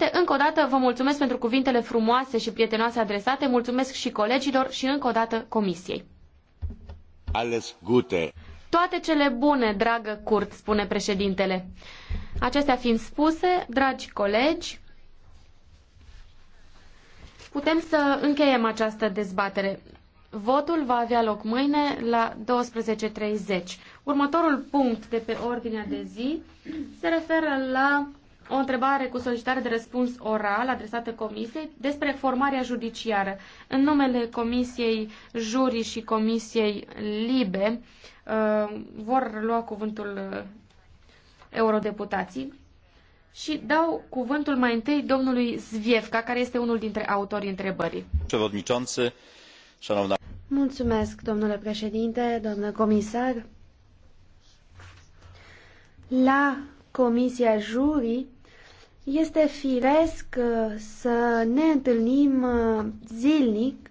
Uite, încă o dată vă mulțumesc pentru cuvintele frumoase și prietenoase adresate, mulțumesc și colegilor și încă o dată comisiei. Ales gute! Toate cele bune, dragă Curt, spune președintele. Acestea fiind spuse, dragi colegi, putem să încheiem această dezbatere. Votul va avea loc mâine la 12.30. Următorul punct de pe ordinea de zi se referă la o întrebare cu solicitare de răspuns oral adresată Comisiei despre formarea judiciară. În numele Comisiei Jurii și Comisiei Libe uh, vor lua cuvântul uh, eurodeputații și dau cuvântul mai întâi domnului Zviefka, care este unul dintre autorii întrebării. Mulțumesc, domnule președinte, domnule comisar. La Comisia Jurii este firesc uh, să ne întâlnim uh, zilnic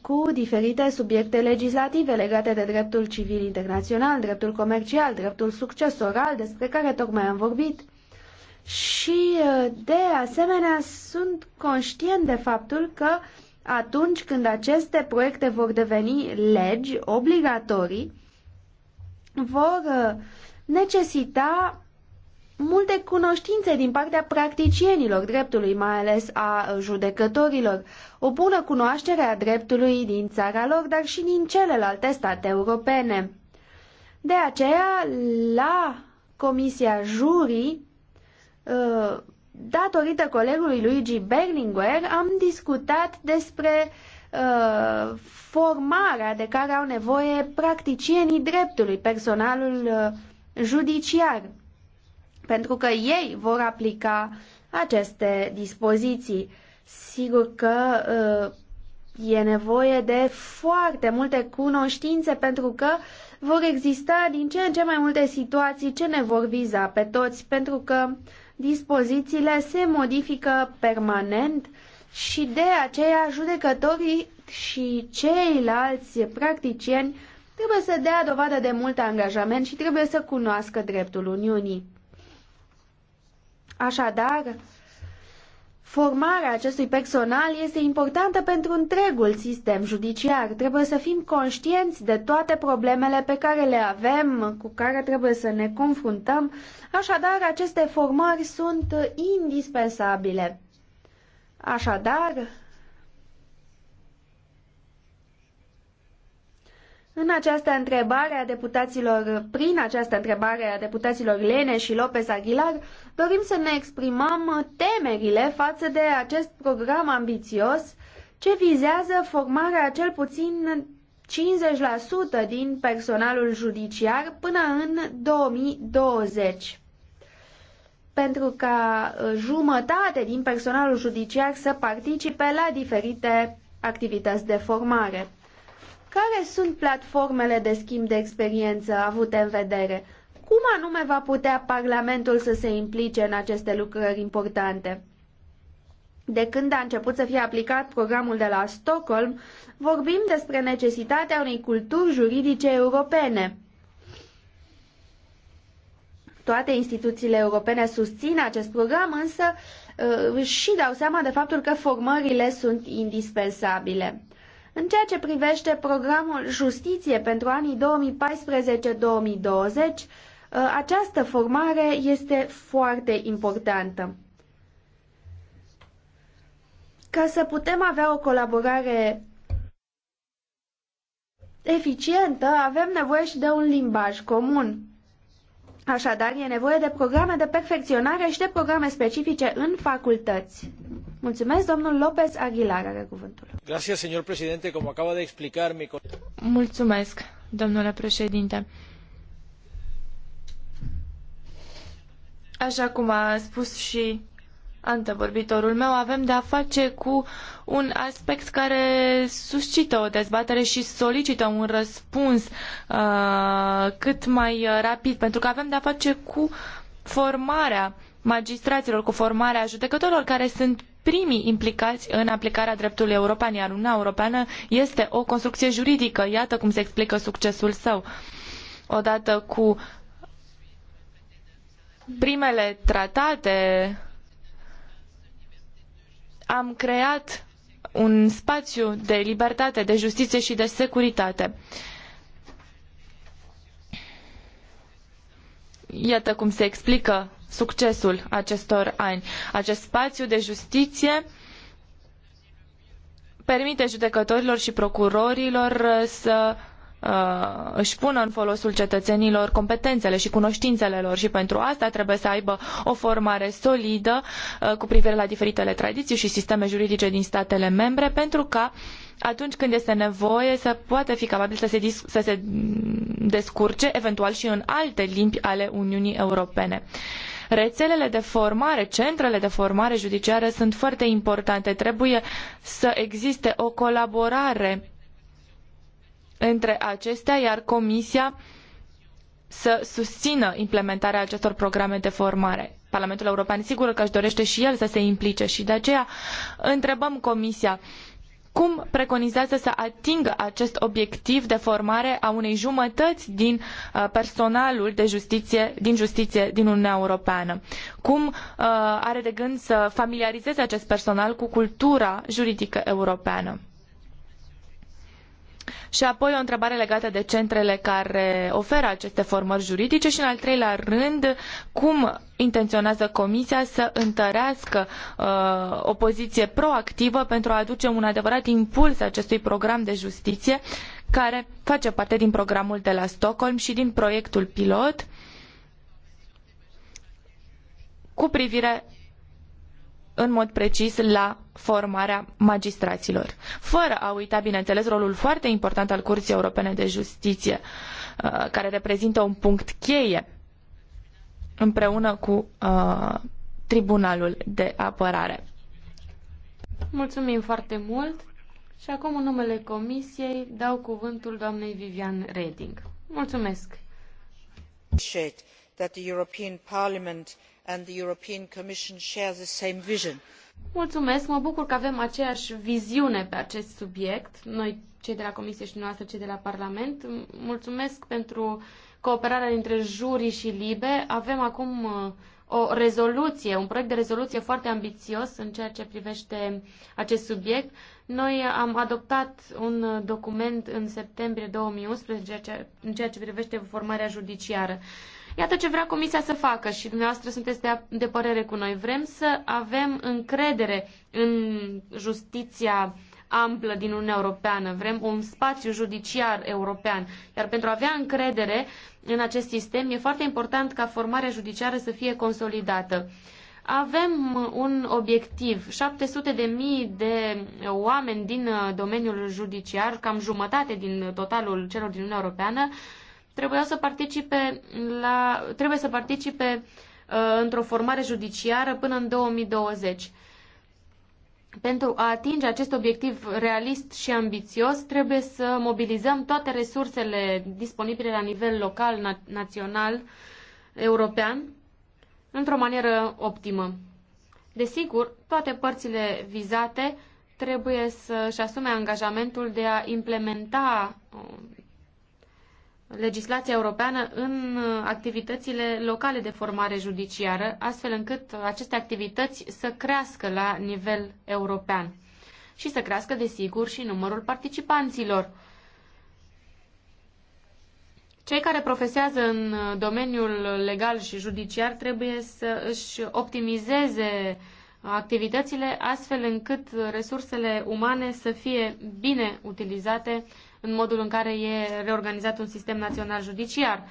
cu diferite subiecte legislative legate de dreptul civil internațional, dreptul comercial, dreptul succesoral, despre care tocmai am vorbit. Și, uh, de asemenea, sunt conștient de faptul că atunci când aceste proiecte vor deveni legi obligatorii, vor necesita multe cunoștințe din partea practicienilor dreptului, mai ales a judecătorilor, o bună cunoaștere a dreptului din țara lor, dar și din celelalte state europene. De aceea, la Comisia Jurii, ă, datorită colegului Luigi Berlinguer, am discutat despre ă, formarea de care au nevoie practicienii dreptului, personalul ă, judiciar pentru că ei vor aplica aceste dispoziții. Sigur că uh, e nevoie de foarte multe cunoștințe pentru că vor exista din ce în ce mai multe situații ce ne vor viza pe toți pentru că dispozițiile se modifică permanent și de aceea judecătorii și ceilalți practicieni trebuie să dea dovadă de mult angajament și trebuie să cunoască dreptul Uniunii. Așadar, formarea acestui personal este importantă pentru întregul sistem judiciar. Trebuie să fim conștienți de toate problemele pe care le avem, cu care trebuie să ne confruntăm. Așadar, aceste formări sunt indispensabile. Așadar, În această întrebare a deputaților, prin această întrebare a deputaților Lene și Lopez Aguilar, dorim să ne exprimăm temerile față de acest program ambițios ce vizează formarea cel puțin 50% din personalul judiciar până în 2020. Pentru ca uh, jumătate din personalul judiciar să participe la diferite activități de formare. Care sunt platformele de schimb de experiență avute în vedere? Cum anume va putea Parlamentul să se implice în aceste lucrări importante? De când a început să fie aplicat programul de la Stockholm, vorbim despre necesitatea unei culturi juridice europene. Toate instituțiile europene susțin acest program, însă uh, și dau seama de faptul că formările sunt indispensabile. În ceea ce privește programul Justiție pentru anii 2014-2020, ă, această formare este foarte importantă. Ca să putem avea o colaborare eficientă, avem nevoie și de un limbaj comun. Așadar, e nevoie de programe de perfecționare și de programe specifice în facultăți. Mulțumesc, domnul López Aguilar are cuvântul. Gracias, señor presidente, como acaba de explicar mi... Mulțumesc, domnule președinte. Așa cum a spus și antevorbitorul meu, avem de a face cu un aspect care suscită o dezbatere și solicită un răspuns uh, cât mai rapid, pentru că avem de a face cu formarea magistraților, cu formarea judecătorilor care sunt primii implicați în aplicarea dreptului european, iar Uniunea Europeană este o construcție juridică. Iată cum se explică succesul său. Odată cu primele tratate am creat un spațiu de libertate, de justiție și de securitate. Iată cum se explică succesul acestor ani. Acest spațiu de justiție permite judecătorilor și procurorilor să uh, își pună în folosul cetățenilor competențele și cunoștințele lor și pentru asta trebuie să aibă o formare solidă uh, cu privire la diferitele tradiții și sisteme juridice din statele membre pentru ca atunci când este nevoie să poată fi capabil să se, să se descurce eventual și în alte limbi ale Uniunii Europene. Rețelele de formare, centrele de formare judiciară sunt foarte importante. Trebuie să existe o colaborare între acestea, iar Comisia să susțină implementarea acestor programe de formare. Parlamentul European sigur că își dorește și el să se implice și de aceea întrebăm Comisia cum preconizează să atingă acest obiectiv de formare a unei jumătăți din uh, personalul de justiție, din justiție din Uniunea Europeană? Cum uh, are de gând să familiarizeze acest personal cu cultura juridică europeană? Și apoi o întrebare legată de centrele care oferă aceste formări juridice și, în al treilea rând, cum intenționează Comisia să întărească uh, o poziție proactivă pentru a aduce un adevărat impuls acestui program de justiție care face parte din programul de la Stockholm și din proiectul pilot cu privire în mod precis la formarea magistraților, fără a uita, bineînțeles, rolul foarte important al Curții Europene de Justiție, uh, care reprezintă un punct cheie împreună cu uh, Tribunalul de Apărare. Mulțumim foarte mult și acum în numele Comisiei dau cuvântul doamnei Vivian Reding. Mulțumesc! That the European Parliament and the European Commission share the same vision. Mulțumesc, mă bucur că avem aceeași viziune pe acest subiect, noi cei de la Comisie și noastră cei de la Parlament. Mulțumesc pentru cooperarea dintre juri și libe. Avem acum uh, o rezoluție, un proiect de rezoluție foarte ambițios în ceea ce privește acest subiect. Noi am adoptat un document în septembrie 2011 în ceea ce privește formarea judiciară. Iată ce vrea Comisia să facă și dumneavoastră sunteți de, de părere cu noi. Vrem să avem încredere în justiția amplă din Uniunea Europeană, vrem un spațiu judiciar european. Iar pentru a avea încredere în acest sistem, e foarte important ca formarea judiciară să fie consolidată. Avem un obiectiv, 700 de mii de oameni din domeniul judiciar, cam jumătate din totalul celor din Uniunea Europeană, trebuia să participe la, trebuie să participe uh, într-o formare judiciară până în 2020. Pentru a atinge acest obiectiv realist și ambițios, trebuie să mobilizăm toate resursele disponibile la nivel local, na- național, european, într-o manieră optimă. Desigur, toate părțile vizate trebuie să-și asume angajamentul de a implementa uh, legislația europeană în uh, activitățile locale de formare judiciară, astfel încât aceste activități să crească la nivel european și să crească, desigur, și numărul participanților. Cei care profesează în uh, domeniul legal și judiciar trebuie să își optimizeze uh, activitățile astfel încât resursele umane să fie bine utilizate în modul în care e reorganizat un sistem național judiciar.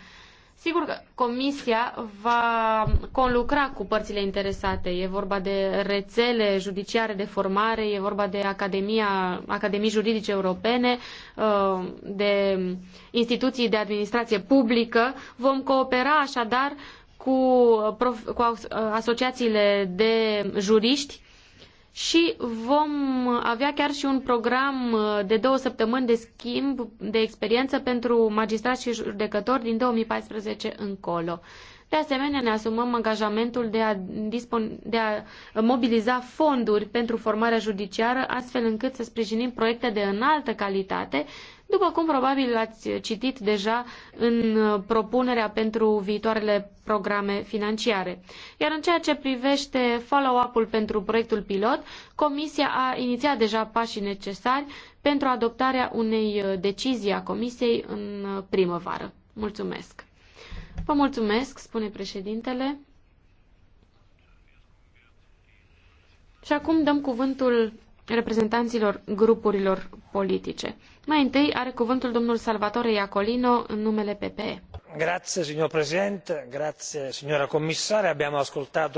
Sigur că Comisia va conlucra cu părțile interesate. E vorba de rețele judiciare de formare, e vorba de Academia, Academii Juridice Europene, uh, de instituții de administrație publică. Vom coopera așadar cu, cu asociațiile de juriști și vom avea chiar și un program uh, de două săptămâni de schimb de experiență pentru magistrați și judecători din 2014 încolo. De asemenea, ne asumăm angajamentul de a, de a uh, mobiliza fonduri pentru formarea judiciară, astfel încât să sprijinim proiecte de înaltă calitate după cum probabil ați citit deja în propunerea pentru viitoarele programe financiare. Iar în ceea ce privește follow-up-ul pentru proiectul pilot, Comisia a inițiat deja pașii necesari pentru adoptarea unei decizii a Comisiei în primăvară. Mulțumesc! Vă mulțumesc, spune președintele. Și acum dăm cuvântul reprezentanților grupurilor politice. Mai întâi are cuvântul domnul Salvatore Iacolino în numele PPE. Grazie, signor grazie, signora Abbiamo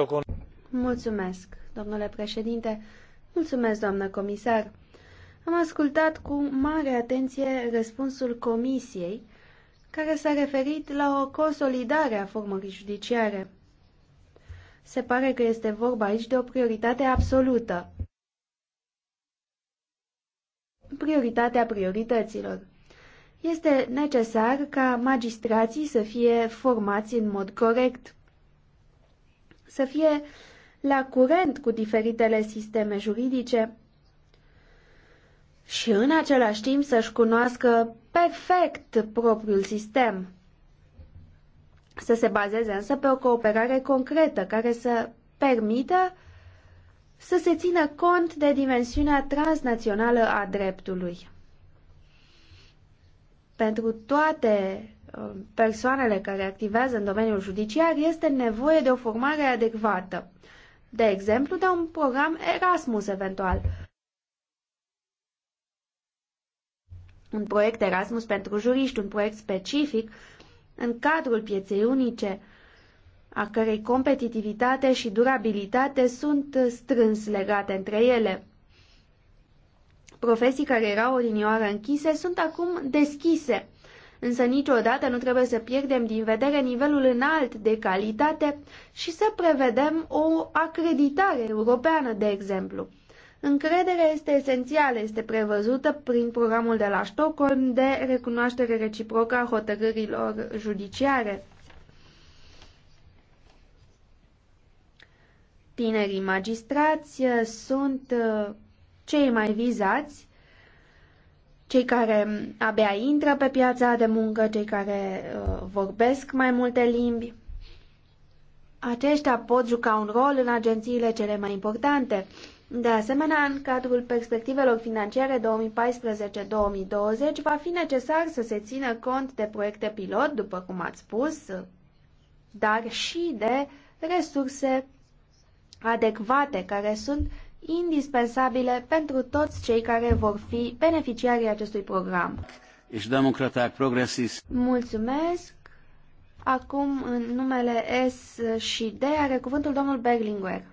con... Mulțumesc, domnule președinte. Mulțumesc, doamnă comisar. Am ascultat cu mare atenție răspunsul comisiei, care s-a referit la o consolidare a formării judiciare. Se pare că este vorba aici de o prioritate absolută prioritatea priorităților. Este necesar ca magistrații să fie formați în mod corect, să fie la curent cu diferitele sisteme juridice și în același timp să-și cunoască perfect propriul sistem. Să se bazeze însă pe o cooperare concretă care să permită să se țină cont de dimensiunea transnațională a dreptului. Pentru toate uh, persoanele care activează în domeniul judiciar este nevoie de o formare adecvată. De exemplu, de un program Erasmus eventual. Un proiect Erasmus pentru juriști, un proiect specific în cadrul pieței unice, a cărei competitivitate și durabilitate sunt strâns legate între ele. Profesii care erau odinioară închise sunt acum deschise, însă niciodată nu trebuie să pierdem din vedere nivelul înalt de calitate și să prevedem o acreditare europeană, de exemplu. Încrederea este esențială, este prevăzută prin programul de la Stockholm de recunoaștere reciprocă a hotărârilor judiciare. tinerii magistrați eh, sunt eh, cei mai vizați, cei care mm, abia intră pe piața de muncă, cei care eh, vorbesc mai multe limbi. Aceștia pot juca un rol în agențiile cele mai importante. De asemenea, în cadrul perspectivelor financiare 2014-2020 va fi necesar să se țină cont de proiecte pilot, după cum ați spus, dar și de resurse adecvate care sunt indispensabile pentru toți cei care vor fi beneficiarii acestui program. Ești democrat progresist. Mulțumesc. Acum, în numele S și D, are cuvântul domnul Berlinguer.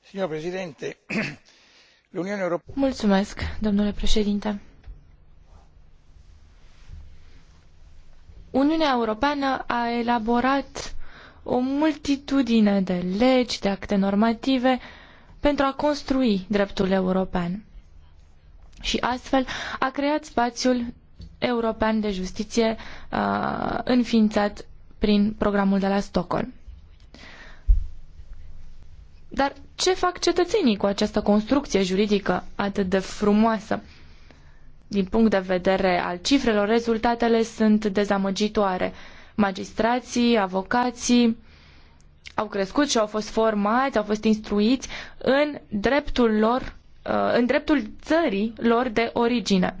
Signor președinte, Uniunea Europeană... Mulțumesc, domnule președinte. Uniunea Europeană a elaborat o multitudine de legi, de acte normative pentru a construi dreptul european. Și astfel a creat spațiul european de justiție uh, înființat prin programul de la Stockholm. Dar ce fac cetățenii cu această construcție juridică atât de frumoasă? Din punct de vedere al cifrelor, rezultatele sunt dezamăgitoare. Uh, magistrații, avocații au crescut și au fost formați, au fost instruiți în dreptul lor, uh, în dreptul țării lor de origine.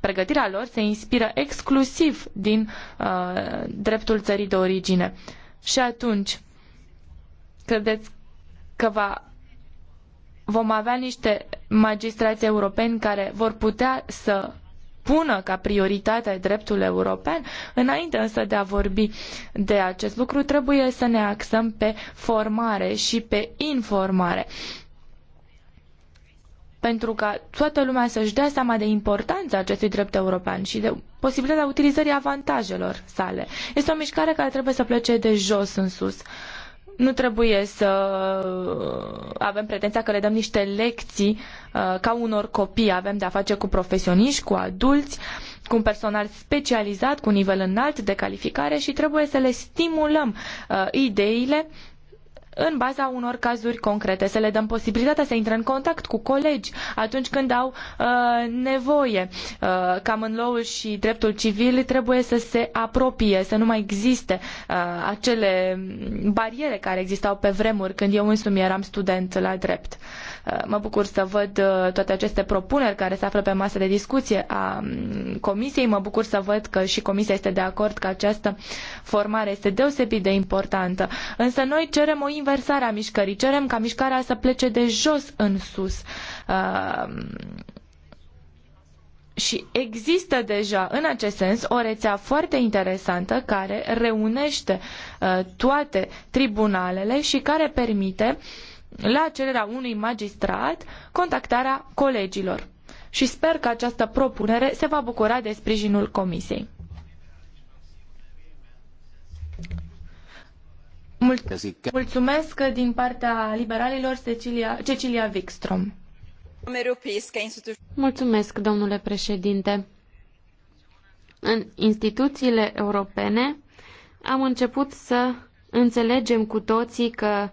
Pregătirea lor se inspiră exclusiv din uh, dreptul țării de origine. Și atunci, credeți că va, vom avea niște magistrați europeni care vor putea să pună ca prioritate dreptul european, înainte însă de a vorbi de acest lucru, trebuie să ne axăm pe formare și pe informare pentru ca toată lumea să-și dea seama de importanța acestui drept european și de posibilitatea utilizării avantajelor sale. Este o mișcare care trebuie să plece de jos în sus nu trebuie să uh, avem pretenția că le dăm niște lecții uh, ca unor copii. Avem de-a face cu profesioniști, cu adulți, cu un personal specializat, cu un nivel înalt de calificare și trebuie să le stimulăm uh, ideile în baza unor cazuri concrete, să le dăm posibilitatea să intre în contact cu colegi atunci când au uh, nevoie. Uh, în law și dreptul civil trebuie să se apropie, să nu mai existe uh, acele bariere care existau pe vremuri când eu însumi eram student la drept. Uh, mă bucur să văd uh, toate aceste propuneri care se află pe masă de discuție a mm, Comisiei. Mă bucur să văd că și Comisia este de acord că această formare este deosebit de importantă. Însă noi cerem o inversarea mișcării. Cerem ca mișcarea să plece de jos în sus. Uh, și există deja în acest sens o rețea foarte interesantă care reunește uh, toate tribunalele și care permite la cererea unui magistrat contactarea colegilor. Și sper că această propunere se va bucura de sprijinul Comisiei. mulțumesc din partea liberalilor Cecilia, Cecilia Mulțumesc, domnule președinte. În instituțiile europene am început să înțelegem cu toții că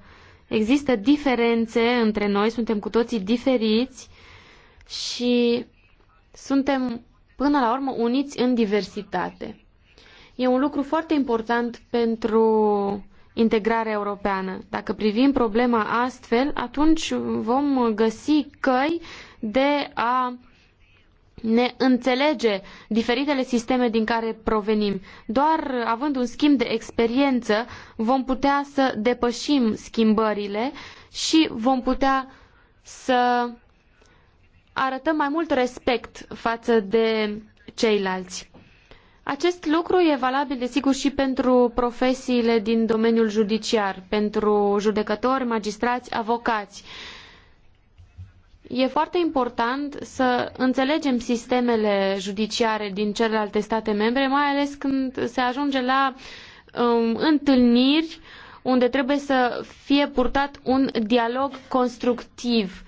există diferențe între noi, suntem cu toții diferiți și suntem până la urmă uniți în diversitate. E un lucru foarte important pentru integrarea europeană. Dacă privim problema astfel, atunci vom găsi căi de a ne înțelege diferitele sisteme din care provenim. Doar având un schimb de experiență vom putea să depășim schimbările și vom putea să arătăm mai mult respect față de ceilalți. Acest lucru e valabil, desigur, și pentru profesiile din domeniul judiciar, pentru judecători, magistrați, avocați. E foarte important să înțelegem sistemele judiciare din celelalte state membre, mai ales când se ajunge la um, întâlniri unde trebuie să fie purtat un dialog constructiv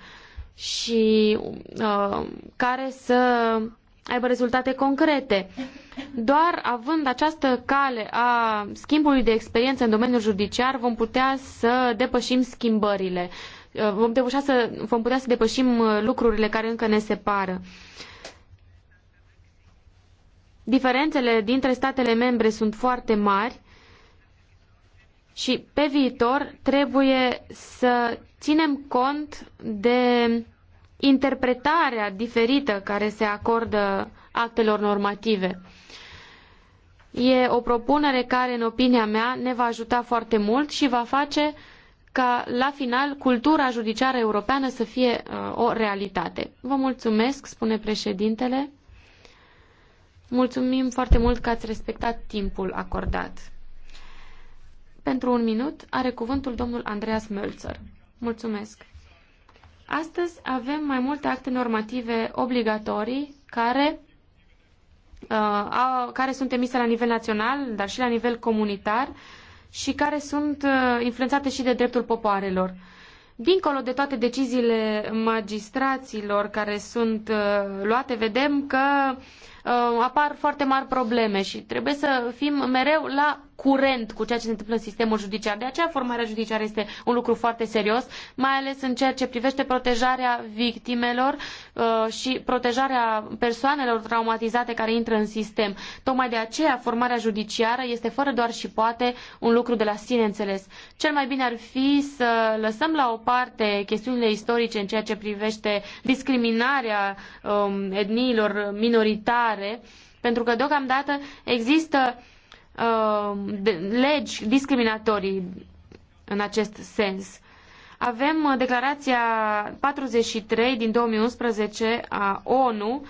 și uh, care să aibă rezultate concrete. Doar având această cale a schimbului de experiență în domeniul judiciar vom putea să depășim schimbările. Uh, vom, să, vom putea să depășim uh, lucrurile care încă ne separă. Diferențele dintre statele membre sunt foarte mari și pe viitor trebuie să ținem cont de interpretarea diferită care se acordă actelor normative. E o propunere care, în opinia mea, ne va ajuta foarte mult și va face ca, la final, cultura judiciară europeană să fie uh, o realitate. Vă mulțumesc, spune președintele. Mulțumim foarte mult că ați respectat timpul acordat. Pentru un minut are cuvântul domnul Andreas Mölzer. Mulțumesc. Astăzi avem mai multe acte normative obligatorii care Uh, care sunt emise la nivel național, dar și la nivel comunitar și care sunt uh, influențate și de dreptul popoarelor. Dincolo de toate deciziile magistraților care sunt uh, luate, vedem că Uh, apar foarte mari probleme și trebuie să fim mereu la curent cu ceea ce se întâmplă în sistemul judiciar. De aceea formarea judiciară este un lucru foarte serios, mai ales în ceea ce privește protejarea victimelor uh, și protejarea persoanelor traumatizate care intră în sistem. Tocmai de aceea formarea judiciară este fără doar și poate un lucru de la sine înțeles. Cel mai bine ar fi să lăsăm la o parte chestiunile istorice în ceea ce privește discriminarea um, etniilor minoritare clare, pentru că deocamdată există uh, legi discriminatorii în acest sens. Avem uh, declarația 43 din 2011 a ONU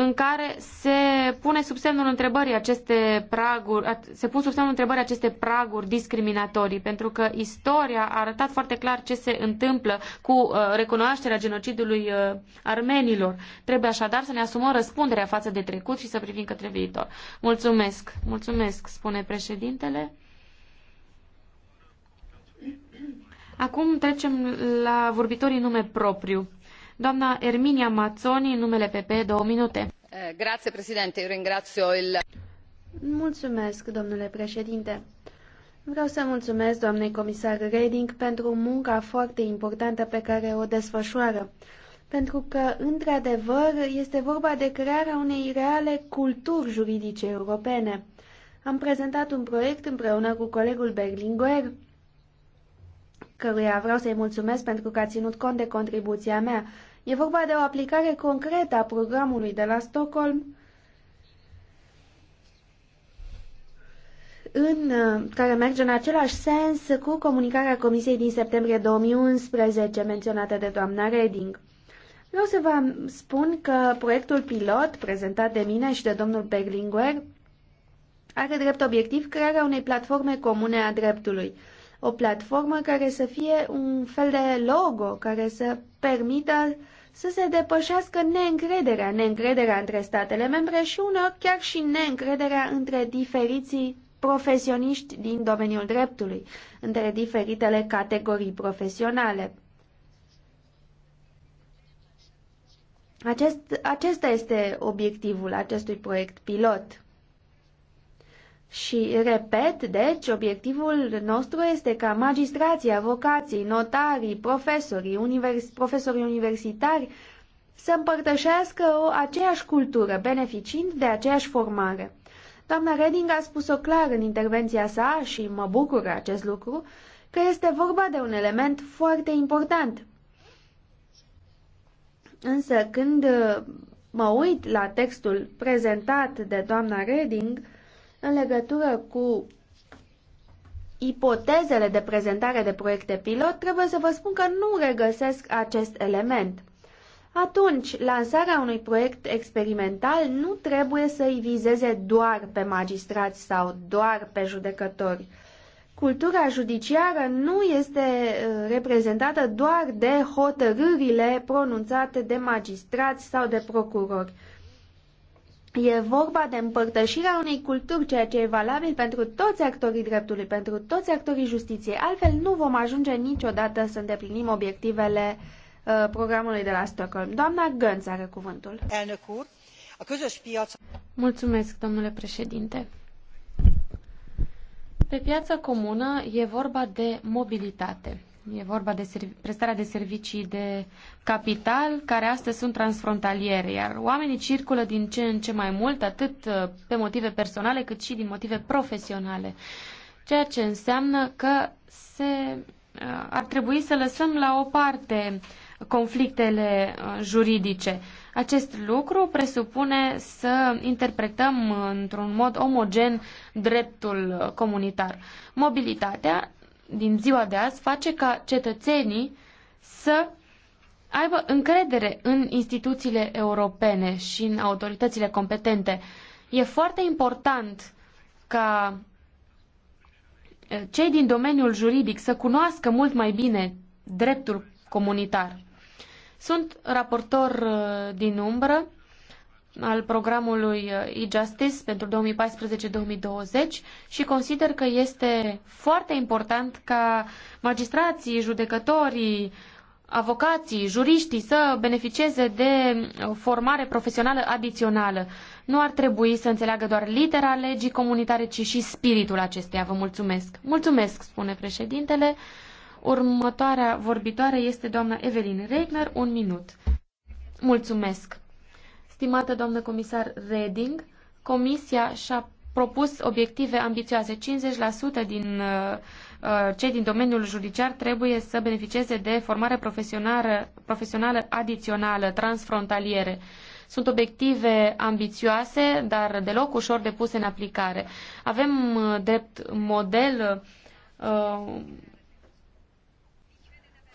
în care se pune sub semnul întrebării aceste praguri, se pun sub semnul întrebării aceste praguri discriminatorii, pentru că istoria a arătat foarte clar ce se întâmplă cu uh, recunoașterea genocidului uh, armenilor. Trebuie așadar să ne asumăm răspunderea față de trecut și să privim către viitor. Mulțumesc, mulțumesc, spune președintele. Acum trecem la vorbitorii nume propriu. Doamna Erminia Mazzoni, în numele PPE, două minute. Eh, grazie, președinte. Eu ringrazio il... Mulțumesc, domnule președinte. Vreau să mulțumesc doamnei comisar Reding pentru munca foarte importantă pe care o desfășoară. Pentru că, într-adevăr, este vorba de crearea unei reale culturi juridice europene. Am prezentat un proiect împreună cu colegul Berlinguer, căruia vreau să-i mulțumesc pentru că a ținut cont de contribuția mea. E vorba de o aplicare concretă a programului de la Stockholm în, uh, care merge în același sens cu comunicarea Comisiei din septembrie 2011 menționată de doamna Reding. Vreau să vă spun că proiectul pilot prezentat de mine și de domnul Berlinguer are drept obiectiv crearea unei platforme comune a dreptului o platformă care să fie un fel de logo care să permită să se depășească neîncrederea, neîncrederea între statele membre și uneori chiar și neîncrederea între diferiții profesioniști din domeniul dreptului, între diferitele categorii profesionale. Acest, acesta este obiectivul acestui proiect pilot. Și, repet, deci, obiectivul nostru este ca magistrații, avocații, notarii, profesorii, univers profesorii universitari să împărtășească o aceeași cultură, beneficiind de aceeași formare. Doamna Reding a spus-o clar în intervenția sa și mă bucură acest lucru, că este vorba de un element foarte important. Însă când uh, mă uit la textul prezentat de doamna Reding, în legătură cu ipotezele de prezentare de proiecte pilot, trebuie să vă spun că nu regăsesc acest element. Atunci, lansarea unui proiect experimental nu trebuie să îi vizeze doar pe magistrați sau doar pe judecători. Cultura judiciară nu este uh, reprezentată doar de hotărârile pronunțate de magistrați sau de procurori. E vorba de împărtășirea unei culturi, ceea ce e valabil pentru toți actorii dreptului, pentru toți actorii justiției. Altfel nu vom ajunge niciodată să îndeplinim obiectivele uh, programului de la Stockholm. Doamna Gânț are cuvântul. Mulțumesc, domnule președinte. Pe piața comună e vorba de mobilitate. E vorba de prestarea de servicii de capital, care astăzi sunt transfrontaliere, iar oamenii circulă din ce în ce mai mult, atât uh, pe motive personale, cât și din motive profesionale. Ceea ce înseamnă că se, uh, ar trebui să lăsăm la o parte conflictele uh, juridice. Acest lucru presupune să interpretăm într-un mod omogen dreptul comunitar. Mobilitatea din ziua de azi face ca cetățenii să aibă încredere în instituțiile europene și în autoritățile competente. E foarte important ca eh, cei din domeniul juridic să cunoască mult mai bine dreptul comunitar. Sunt raportor eh, din umbră al programului uh, e-justice pentru 2014-2020 și consider că este foarte important ca magistrații, judecătorii, avocații, juriștii să beneficieze de uh, formare profesională adițională. Nu ar trebui să înțeleagă doar litera legii comunitare, ci și spiritul acesteia. Vă mulțumesc. Mulțumesc, spune președintele. Următoarea vorbitoare este doamna Evelyn Regner, un minut. Mulțumesc. Stimată doamnă comisar Reding, Comisia și-a propus obiective ambițioase. 50% din uh, uh, cei din domeniul judiciar trebuie să beneficieze de formare profesională, profesională adițională, transfrontaliere. Sunt obiective ambițioase, dar deloc ușor de puse în aplicare. Avem uh, drept model uh,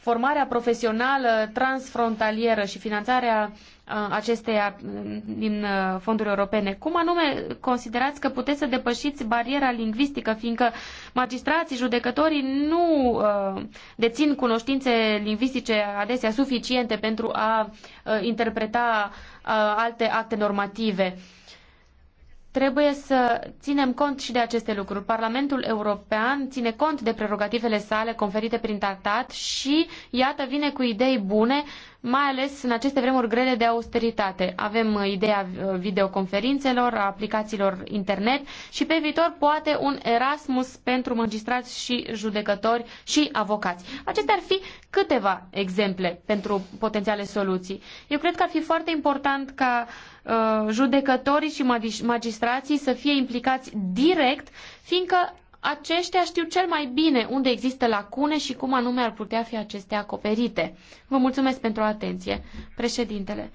formarea profesională transfrontalieră și finanțarea uh, acesteia mm, din uh, fonduri europene. Cum anume considerați că puteți să depășiți bariera lingvistică, fiindcă magistrații, judecătorii nu uh, dețin cunoștințe lingvistice adesea suficiente pentru a interpreta alte acte normative? Trebuie să ținem cont și de aceste lucruri. Parlamentul European ține cont de prerogativele sale conferite prin tratat și, iată, vine cu idei bune uh, mai ales în aceste vremuri grele de austeritate. Avem uh, ideea uh, videoconferințelor, a aplicațiilor internet și pe viitor poate un Erasmus pentru magistrați și judecători și avocați. Acestea ar fi câteva exemple pentru potențiale soluții. Eu cred că ar fi foarte important ca uh, judecătorii și magistrații să fie implicați direct, fiindcă aceștia știu cel mai bine unde există lacune și cum anume ar putea fi acestea acoperite. Vă mulțumesc pentru atenție, președintele.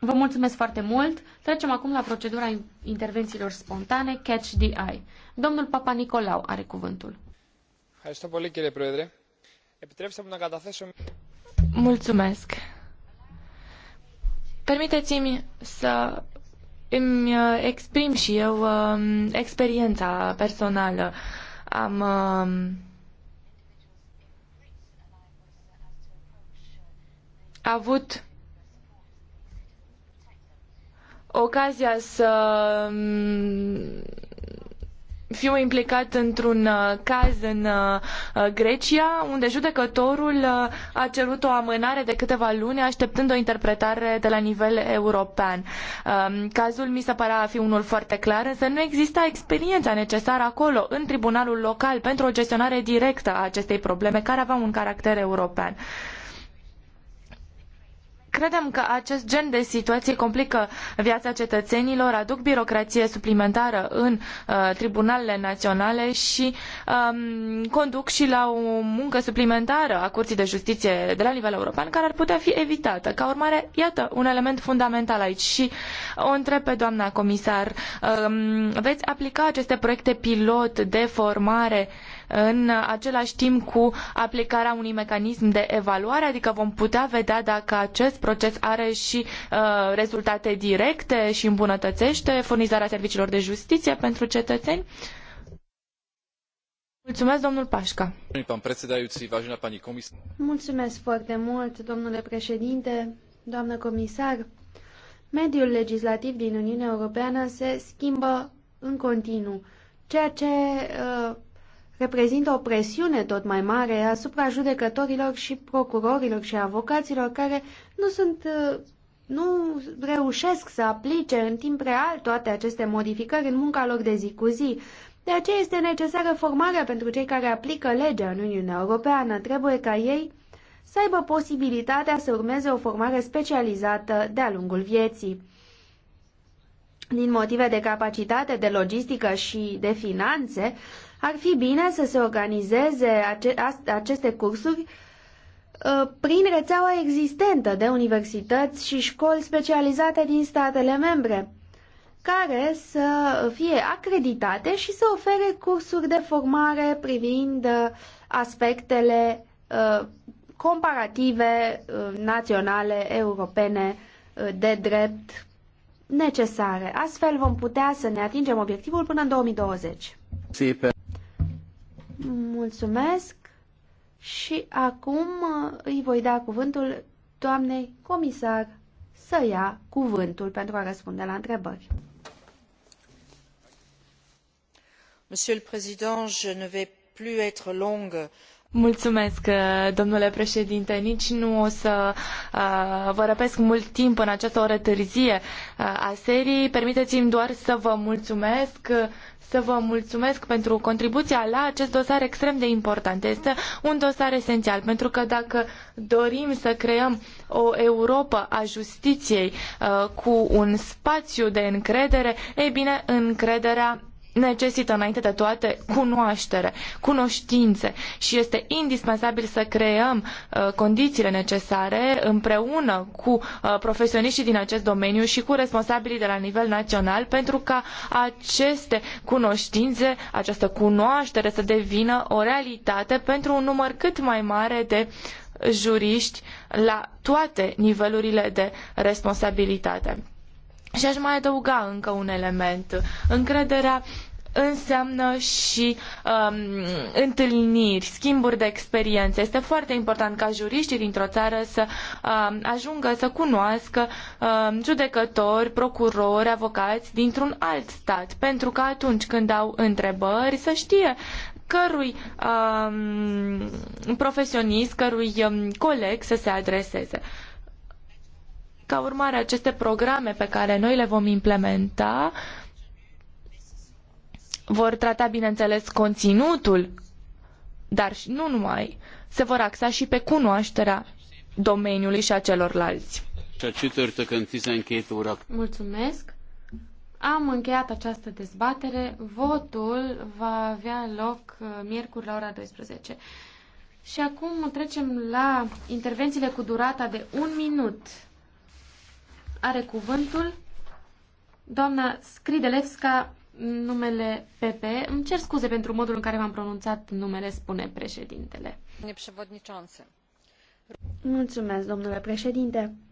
Vă mulțumesc foarte mult. Trecem acum la procedura intervențiilor spontane, catch the eye. Domnul Papa Nicolau are cuvântul. Mulțumesc. Permiteți-mi să îmi uh, exprim și eu um, experiența personală. Am um, avut ocazia să um, fiu implicat într-un uh, caz în uh, uh, Grecia, unde judecătorul a cerut o amânare de câteva luni, așteptând o interpretare de la nivel european. Um, cazul mi se părea a fi unul foarte clar, însă nu exista experiența necesară acolo, în tribunalul local, pentru o gestionare directă a acestei probleme, care avea un caracter european. Credem că acest gen de situații complică viața cetățenilor, aduc birocrație suplimentară în uh, tribunalele naționale și um, conduc și la o muncă suplimentară a Curții de Justiție de la nivel european care ar putea fi evitată. Ca urmare, iată un element fundamental aici și o întreb pe doamna comisar, um, veți aplica aceste proiecte pilot de formare în același timp cu aplicarea unui mecanism de evaluare, adică vom putea vedea dacă acest proces are și uh, rezultate directe și îmbunătățește furnizarea serviciilor de justiție pentru cetățeni. Mulțumesc, domnul Pașca. Mulțumesc foarte mult, domnule președinte, doamnă comisar. Mediul legislativ din Uniunea Europeană se schimbă în continuu, ceea ce uh, reprezintă o presiune tot mai mare asupra judecătorilor și procurorilor și avocaților care nu sunt nu reușesc să aplice în timp real toate aceste modificări în munca lor de zi cu zi. De aceea este necesară formarea pentru cei care aplică legea în Uniunea Europeană. Trebuie ca ei să aibă posibilitatea să urmeze o formare specializată de-a lungul vieții. Din motive de capacitate, de logistică și de finanțe, ar fi bine să se organizeze aceste cursuri uh, prin rețeaua existentă de universități și școli specializate din statele membre, care să fie acreditate și să ofere cursuri de formare privind uh, aspectele uh, comparative naționale, europene, de drept necesare. Astfel vom putea să ne atingem obiectivul până în 2020. Mulțumesc și acum uh, îi voi da cuvântul doamnei comisar să ia cuvântul pentru a răspunde la întrebări. Monsieur le Président, je ne vais plus être longue. Mulțumesc, uh, domnule președinte. Nici nu o să uh, vă răpesc mult timp în această oră târzie uh, a serii. Permiteți-mi doar să vă mulțumesc să vă mulțumesc pentru contribuția la acest dosar extrem de important. Este un dosar esențial, pentru că dacă dorim să creăm o Europa a justiției uh, cu un spațiu de încredere, ei bine, încrederea necesită înainte de toate cunoaștere, cunoștințe și este indispensabil să creăm uh, condițiile necesare împreună cu uh, profesioniștii din acest domeniu și cu responsabilii de la nivel național pentru ca aceste cunoștințe, această cunoaștere să devină o realitate pentru un număr cât mai mare de juriști la toate nivelurile de responsabilitate. Și aș mai adăuga încă un element. Încrederea înseamnă și um, întâlniri, schimburi de experiențe. Este foarte important ca juriștii dintr-o țară să um, ajungă să cunoască um, judecători, procurori, avocați dintr-un alt stat, pentru că atunci când au întrebări să știe cărui um, profesionist, cărui um, coleg să se adreseze. Ca urmare, aceste programe pe care noi le vom implementa vor trata, bineînțeles, conținutul, dar și nu numai, se vor axa și pe cunoașterea domeniului și a celorlalți. Mulțumesc! Am încheiat această dezbatere. Votul va avea loc uh, miercuri la ora 12. Și acum trecem la intervențiile cu durata de un minut. Are cuvântul doamna Scridelevska numele PP. Îmi cer scuze pentru modul în care v-am pronunțat numele, spune președintele. Mulțumesc, domnule președinte.